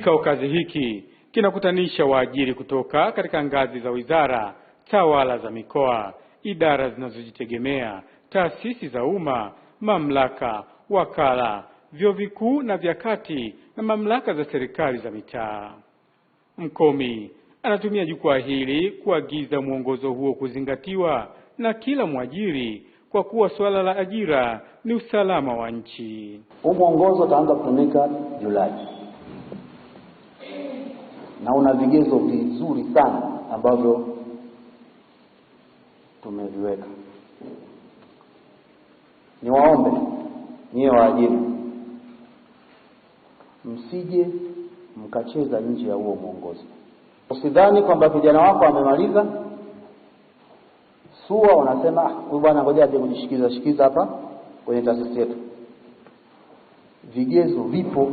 Kufika ukazi hiki kinakutanisha waajiri kutoka katika ngazi za wizara, tawala za mikoa, idara zinazojitegemea, taasisi za umma, mamlaka, wakala, vyuo vikuu na vya kati na mamlaka za serikali za mitaa. Mkomi anatumia jukwaa hili kuagiza mwongozo huo kuzingatiwa na kila mwajiri kwa kuwa suala la ajira ni usalama wa nchi. Huu mwongozo utaanza kutumika Julai na una vigezo vizuri sana ambavyo tumeviweka. Niwaombe nyie waajiri, msije mkacheza nje ya huo mwongozo. Usidhani kwamba vijana wako wamemaliza SUA wanasema ah, huyu bwana, ngoja aje kujishikiza shikiza hapa kwenye taasisi yetu. Vigezo vipo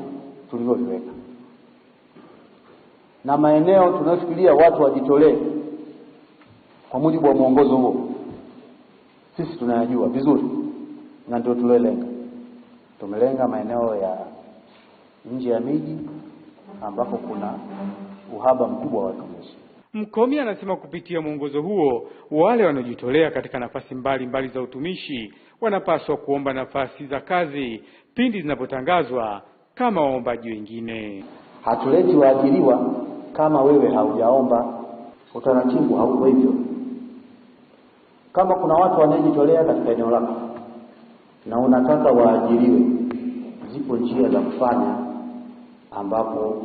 tulivyoviweka na maeneo tunayofikiria watu wajitolee kwa mujibu wa mwongozo huo, sisi tunayajua vizuri na ndio tuliolenga. Tumelenga maeneo ya nje ya miji ambapo kuna uhaba mkubwa wa watumishi. Mkomi anasema kupitia mwongozo huo wale wanaojitolea katika nafasi mbalimbali mbali za utumishi wanapaswa kuomba nafasi za kazi pindi zinapotangazwa kama waombaji wengine. Hatuleti waajiriwa kama wewe haujaomba. Utaratibu hauko hivyo. Kama kuna watu wanayejitolea katika eneo lako na unataka waajiriwe, zipo njia za kufanya ambapo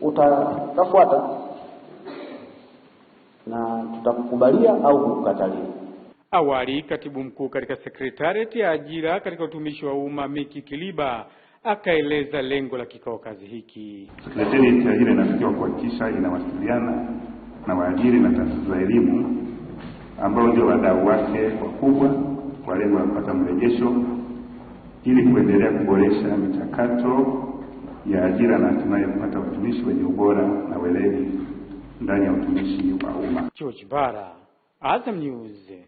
utafuata na tutakukubalia au kukukatalia. Awali, katibu mkuu katika sekretariat ya ajira katika utumishi wa umma Miki Kiliba akaeleza lengo la kikao kazi hiki. Sekretarieti ya ajira inatakiwa kuhakikisha inawasiliana na waajiri na taasisi za elimu ambao ndio wadau wake wakubwa kwa lengo la kupata mrejesho ili kuendelea kuboresha michakato ya ajira na hatimaye kupata watumishi wenye ubora na weledi ndani ya utumishi wa umma. George Bara, Azam News.